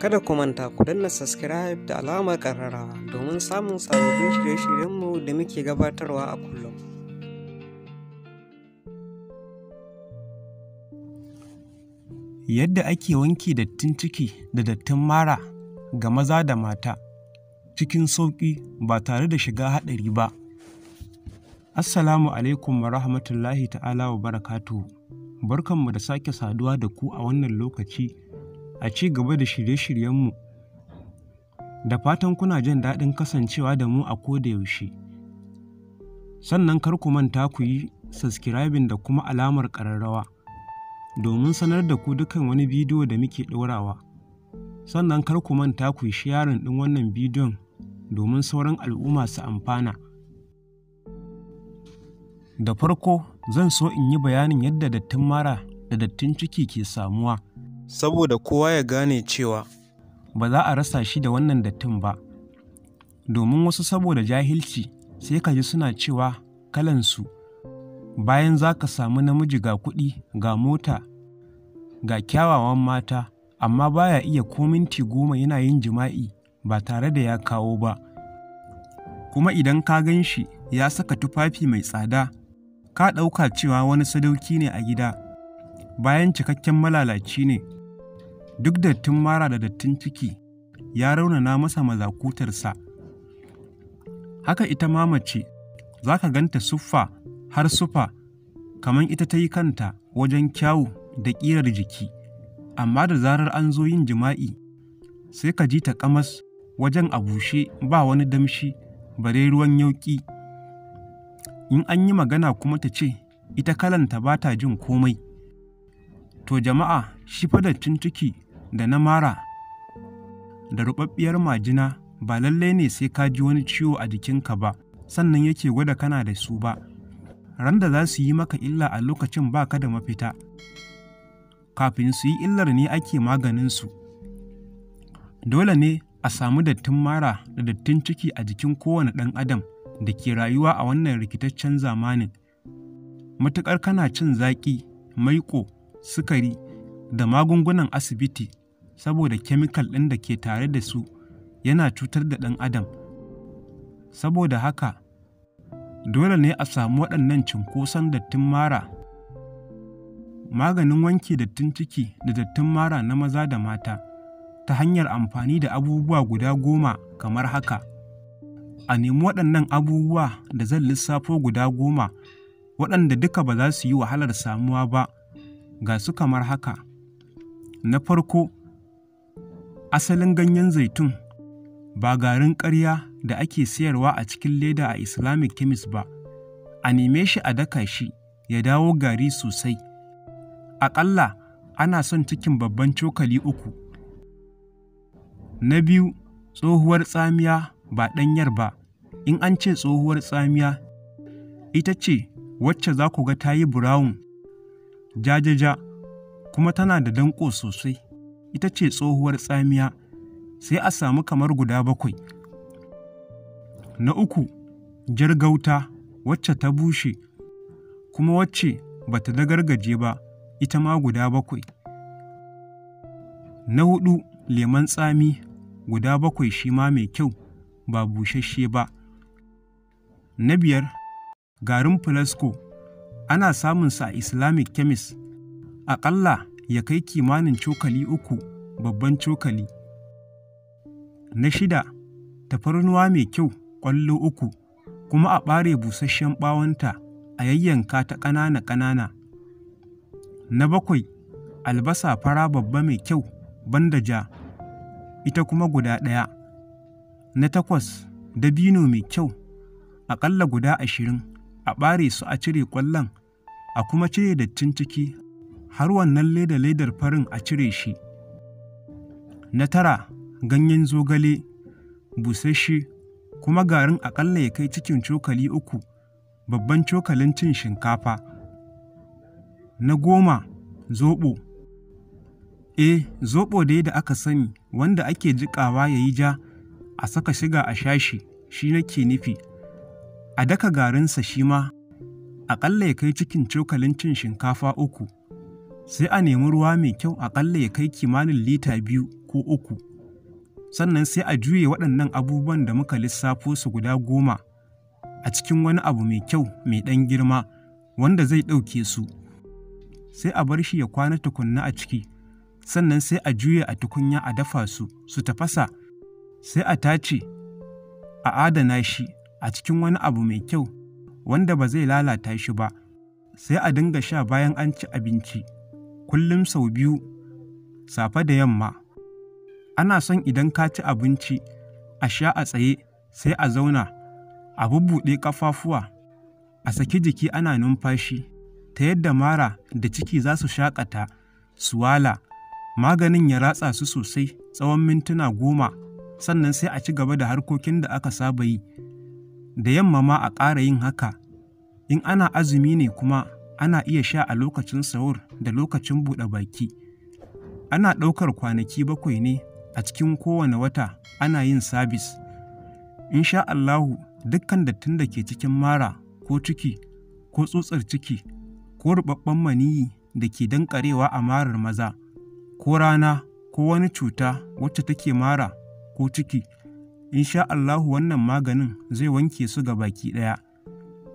Kada ku manta ku danna subscribe da alamar ƙararrawa domin samun sababbin shirye-shiryenmu da muke gabatarwa a kullum. Yadda ake wanke dattin ciki da dattin mara ga maza da mata cikin sauƙi ba tare da shiga haɗari ba. Assalamu alaikum wa rahmatullahi ta'ala wa barakatuhu. Barkanmu da sake saduwa da ku a wannan lokaci. a ci gaba da shirye-shiryenmu. Da fatan kuna jin daɗin kasancewa da mu a kodayaushe. Sannan kar ku manta ku yi subscribing da kuma alamar ƙararrawa domin sanar da ku dukan wani bidiyo da muke ɗorawa. Sannan kar ku manta ku yi sharing ɗin wannan bidiyon domin sauran al'umma su amfana. Da farko zan so in yi bayanin yadda dattin mara da dattin ciki ke samuwa. saboda kowa ya gane cewa ba za a rasa shi da wannan dattin ba domin wasu saboda jahilci sai ka ji suna cewa kalansu bayan za ka samu namiji ga kuɗi ga mota ga kyawawan mata amma baya iya ko minti goma yana yin jima'i ba tare da ya kawo ba kuma idan ka gan shi ya saka tufafi mai tsada ka ɗauka cewa wani sadauki ne a gida bayan cikakken malalaci ne duk dattin mara da dattin ciki ya raunana masa mazakutarsa haka ita ma mace za ka ganta suffa har sufa kamar ita ta yi kanta wajen kyawu da ƙirar jiki amma da zarar an zo yin jima'i sai ka ji ta kamas wajen a bushe ba wani damshi bare ruwan yauƙi in an yi magana kuma ta ce ita kalanta ba ta jin komai to jama'a shi fadaccin ciki da na mara da ruɓaɓɓiyar majina ba lallai ne sai ka ji wani ciwo a jikinka ba sannan yake gwada kana da su ba ran da za su yi maka illa a lokacin ba ka da mafita kafin su yi illar ne ake maganinsu dole ne a samu dattin mara da dattin ciki a jikin kowane ɗan adam da ke rayuwa a wannan rikitaccen zamanin matuƙar kana cin zaƙi maiƙo sukari da magungunan asibiti saboda kemikal ɗin da ke tare da su yana cutar da ɗan adam saboda haka dole ne a samu waɗannan cunkoson dattin mara maganin wanke dattin ciki da dattin mara na maza da mata ta hanyar amfani da abubuwa guda goma kamar haka a nemi waɗannan abubuwa da zan lissafo guda goma waɗanda duka ba za su yi wahalar samuwa ba ga su kamar haka Na farko, asalin ganyen zaitun ba garin ƙarya da ake sayarwa a cikin leda a Islamic chemist ba, a neme shi a daka shi ya dawo gari sosai. Aƙalla ana son cikin babban cokali uku. Na biyu, tsohuwar tsamiya ba ɗanyar ba, in an ce tsohuwar tsamiya, ita ce wacce za ku ga ta yi brown, jajaja. kuma tana da danƙo sosai ita ce tsohuwar tsamiya sai a samu kamar guda bakwai na uku jar gauta wacce ta bushe kuma wacce ba ta dagargaje ba ita ma guda bakwai na hudu lemon tsami guda bakwai shi ma mai kyau ba busasshe ba na biyar garin filasko ana samunsa a islamic chemist aƙalla ya kai kimanin cokali uku babban cokali. Na shida, tafarnuwa mai kyau ƙwallo uku, kuma a ɓare busasshen ɓawonta a yayyanka ta ƙanana-ƙanana. Na bakwai, albasa fara babba mai kyau banda ja, ita kuma guda ɗaya. Na takwas, dabino mai kyau, aƙalla guda ashirin, a ɓare su a cire ƙwallon, a kuma cire dattin ciki har wannan leda ledar farin a cire shi na tara ganyen zogale busasshe kuma garin aƙalla ya kai cikin cokali uku babban cokalin cin shinkafa na goma zoɓo e zoɓo dai da aka sani wanda ake jiƙawa ya yi ja a saka shiga a shashi shi nake nufi a daka garinsa shi ma aƙalla ya kai cikin cokalin cin shinkafa uku sai a nemi ruwa mai kyau aƙalla ya kai kimanin lita biyu ko uku sannan sai a juye waɗannan abubuwan da muka lissafo su guda goma a cikin wani abu mai kyau mai ɗan girma wanda zai ɗauke su sai a bar shi ya kwana tukunna a ciki sannan sai a juye a tukunya a dafa su su tafasa sai a tace a adana shi a cikin wani abu mai kyau wanda ba zai lalata shi ba sai a dinga sha bayan an ci abinci. kullum sau biyu, safe da yamma. Ana son idan ka ci abinci, a sha a tsaye sai a zauna a bubbuɗe ƙafafuwa, a saki jiki ana numfashi, ta yadda mara da ciki za su shaƙata, su wala, maganin ya ratsa su sosai tsawon mintuna goma, sannan sai a ci gaba da harkokin da aka saba yi. Da yamma ma a ƙara yin haka, in ana azumi ne kuma ana iya sha a lokacin sahur da lokacin buɗe baki. Ana ɗaukar kwanaki bakwai ne a cikin kowane wata ana yin sabis. sha Allahu dukkan dattin da ke cikin mara ko ciki ko tsutsar ciki ko ruɓaɓɓen maniyi da ke danƙarewa a marar maza ko rana ko wani cuta wacce take mara ko ciki. sha Allahu wannan maganin zai wanke su ga baki ɗaya.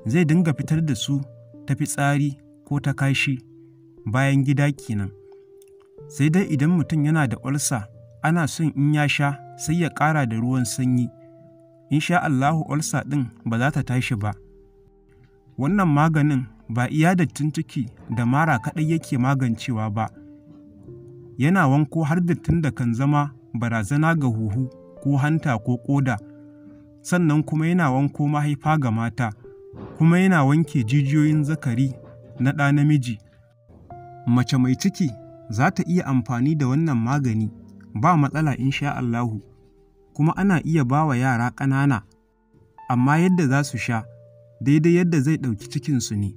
Zai dinga fitar da su ta fitsari ko ta kashi bayan gida kenan sai dai idan mutum yana da ulsa ana son in ya sha sai ya ƙara da ruwan sanyi sha Allahu ulsa ɗin ba za ta tashi ba wannan maganin ba iya da tuntuki da mara kaɗai yake magancewa ba yana wanko har dattin da kan zama barazana ga huhu ko hanta ko ƙoda sannan kuma yana wanko mahaifa ga mata kuma yana wanke jijiyoyin zakari na ɗa namiji. Mace mai ciki za ta iya amfani da wannan magani ba matsala insha Allahu, kuma ana iya ba wa yara ƙanana, amma yadda za su sha daidai yadda zai ɗauki cikinsu ne,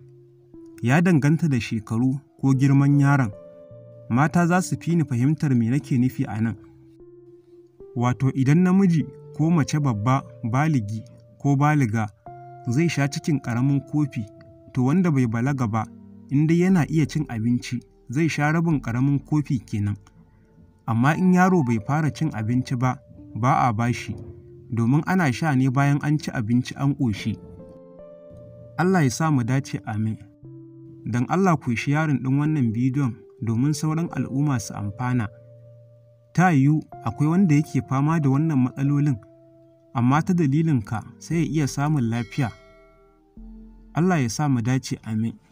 ya danganta da shekaru ko girman yaron. Mata za su fi ni fahimtar me nake nufi a nan. Wato idan namiji ko mace babba baligi ko baliga zai sha cikin ƙaramin kofi to wanda bai balaga ba in dai yana iya cin abinci zai sha rabin ƙaramin kofi kenan amma in yaro bai fara cin abinci ba ba a bashi domin ana sha ne bayan an ci abinci an ƙoshi Allah ya sa mu dace amin don Allah ku shi yaron ɗin wannan bidiyon domin sauran al'umma su amfana ta yiwu akwai wanda yake fama da wannan matsalolin amma ta dalilinka sai ya iya samun lafiya. Allah ya sa mu dace amin.